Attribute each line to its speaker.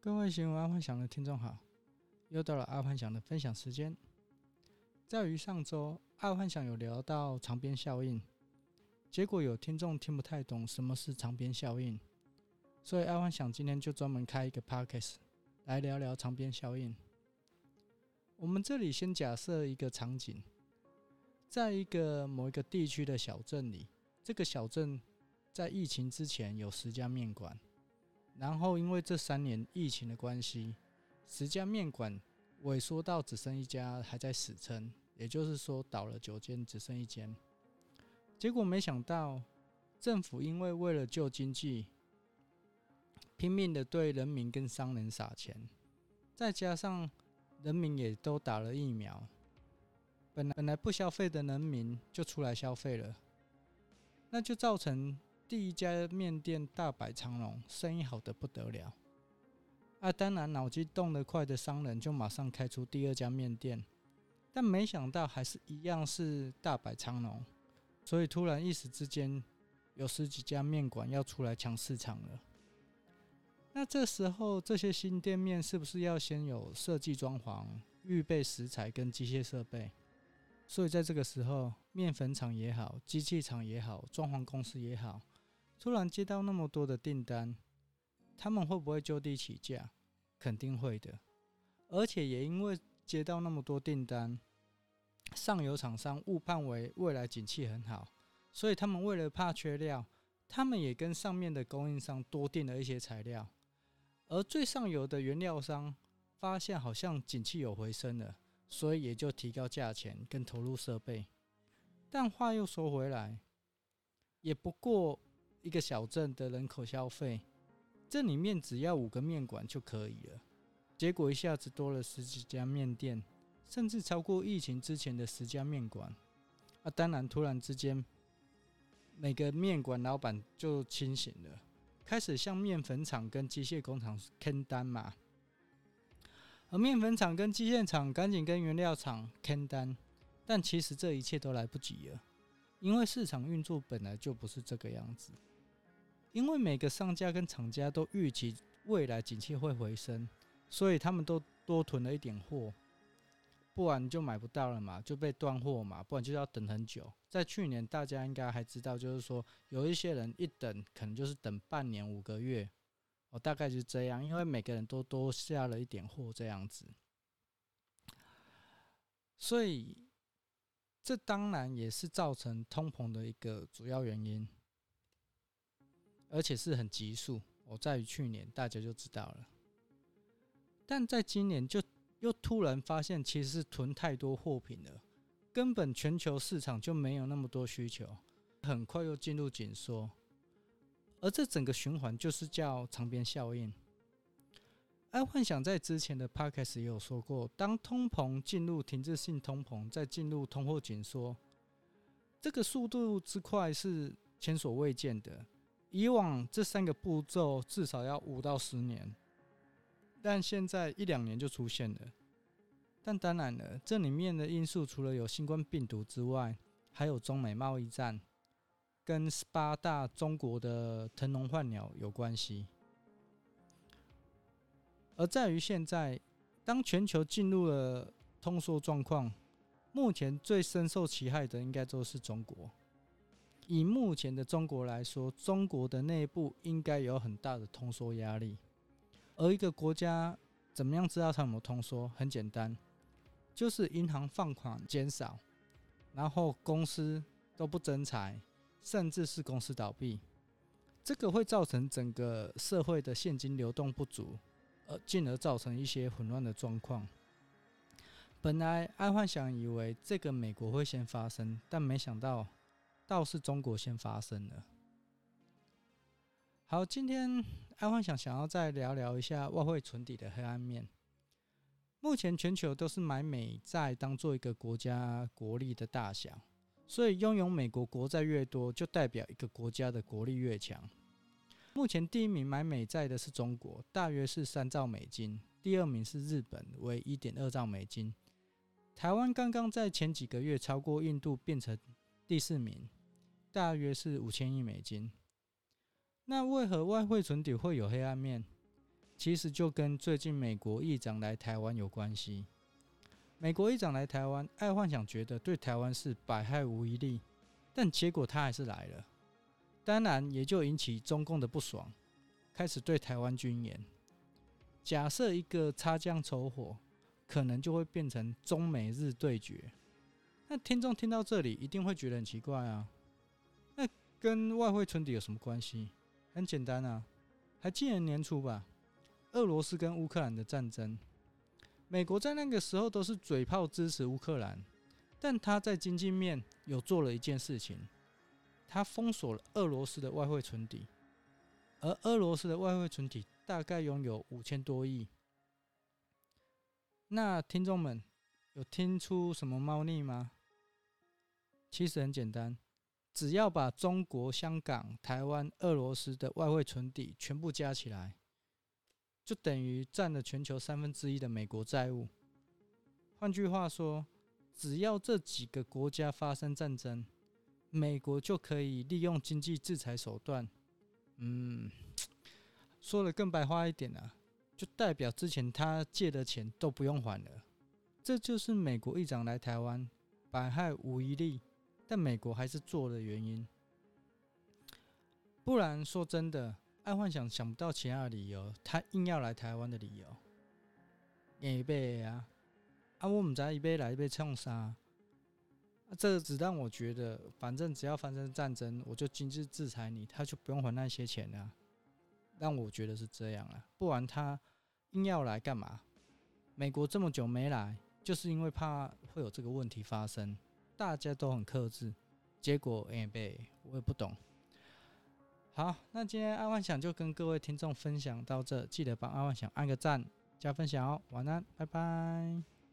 Speaker 1: 各位喜歡阿幻想的聽眾好，又到了阿幻想的分享時間。在於上周，阿幻想有聊到長鞭效應，結果有聽眾聽不太懂什麼是長鞭效應，所以阿幻想今天就專門開一個 podcast 來聊聊長鞭效應。我們這裡先假設一個場景，在一個某一個地區的小鎮裡，這個小鎮在疫情之前有十家麵館。然後，因為這三年疫情的關係，十家麵館萎縮到只剩一家還在死撐，也就是說倒了九間，只剩一間。結果沒想到，政府因為為了救經濟，拼命的對人民跟商人撒錢，再加上人民也都打了疫苗，本來本來不消費的人民就出來消費了，那就造成。第一家麵店大擺長龍，生意好得不得了。啊，當然腦筋動得快的商人就馬上開出第二家麵店，但沒想到還是一樣是大擺長龍，所以突然一時之間有十幾家麵館要出來搶市場了。那這時候這些新店面是不是要先有設計、裝潢、預備食材跟機械設備？所以在這個時候，麵粉廠也好，機器廠也好，裝潢公司也好。突然接到那麼多的訂單，他們會不會就地起價？肯定會的。而且也因為接到那麼多訂單，上游廠商誤判為未來景氣很好，所以他們為了怕缺料，他們也跟上面的供應商多訂了一些材料。而最上游的原料商發現好像景氣有回升了，所以也就提高價錢跟投入設備。但話又說回來，也不過。一個小鎮的人口消費，這裡面只要五個麵館就可以了。結果一下子多了十幾家麵店，甚至超過疫情之前的十家麵館。啊，當然，突然之間，每個麵館老板就清醒了，開始向麵粉廠跟機械工廠砍單嘛。而麵粉廠跟機械廠趕緊跟原料廠砍單，tan, 但其實這一切都來不及了，因為市場運作本來就不是這個樣子。因為每個商家跟廠家都預期未來景氣會回升，所以他們都多囤了一點貨，不然就買不到了嘛，就被斷貨嘛，不然就要等很久。在去年，大家應該還知道，就是說有一些人一等，可能就是等半年五個月，我、哦、大概就是這樣，因為每個人都多下了一點貨這樣子，所以這當然也是造成通膨的一個主要原因。而且是很急速，我在於去年大家就知道了，但在今年就又突然發現，其實是囤太多貨品了，根本全球市場就沒有那麼多需求，很快又進入緊縮，而這整個循環就是叫長鞭效應。而、啊、幻想在之前的 Podcast 也有說過，當通膨進入停滯性通膨，再進入通貨緊縮，這個速度之快是前所未見的。以往這三個步驟至少要五到十年，但現在一兩年就出現了。但當然了，這裡面的因素除了有新冠病毒之外，還有中美貿易戰跟十八大中國的騰籠換鳥有關係。而在於現在，當全球進入了通縮狀況，目前最深受其害的應該就是中國。以目前的中國來說，中國的內部應該有很大的通縮壓力。而一個國家怎麼樣知道它有沒有通縮？很簡單，就是銀行放款減少，然後公司都不增財，甚至是公司倒閉，這個會造成整個社會的現金流動不足，而進而造成一些混亂的狀況。本來愛幻想以為這個美國會先發生，但沒想到。倒是中國先發生了。好，今天阿幻想想要再聊聊一下外匯存底的黑暗面。目前全球都是買美債當做一個國家國力的大小，所以擁有美國國債越多，就代表一個國家的國力越強。目前第一名買美債的是中國，大約是三兆美金；第二名是日本，為一點二兆美金。台灣剛剛在前幾個月超過印度，變成第四名。大約是五千億美金。那為何外匯存底會有黑暗面？其實就跟最近美國議長來台灣有關係。美國議長來台灣，愛幻想覺得對台灣是百害無一利，但結果他還是來了。當然，也就引起中共的不爽，開始對台灣軍演。假設一個擦槍走火，可能就會變成中美日對決。那聽眾聽到這裡，一定會覺得很奇怪啊。跟外匯存底有什麼關係？很簡單啊，還記得年,年初吧？俄羅斯跟烏克蘭的戰爭，美國在那個時候都是嘴炮支持烏克蘭，但他在經濟面有做了一件事情，他封鎖了俄羅斯的外匯存底，而俄羅斯的外匯存底大概擁有五千多億，那聽眾們有聽出什麼貓膩嗎？其實很簡單。只要把中國、香港、台灣、俄羅斯的外匯存底全部加起來，就等於占了全球三分之一的美國債務。換句話說，只要這幾個國家發生戰爭，美國就可以利用經濟制裁手段。嗯，說得更白話一點啊，就代表之前他借的錢都不用還了。這就是美國議長來台灣，百害無一利。但美國還是做了原因，不然說真的，愛幻想想不到其他的理由，他硬要來台灣的理由，一杯啊，啊我們再一杯來一杯衝殺，啊、這個只讓我覺得，反正只要發生戰爭，我就經濟制裁你，他就不用還那些錢了、啊。讓我覺得是這樣了，不然他硬要來幹嘛？美國這麼久沒來，就是因為怕會有這個問題發生。大家都很克制，結果也被、欸欸、我也不懂。好，那今天阿萬想就跟各位聽眾分享到這，記得幫阿萬想按個讚加分享哦。晚安，拜拜。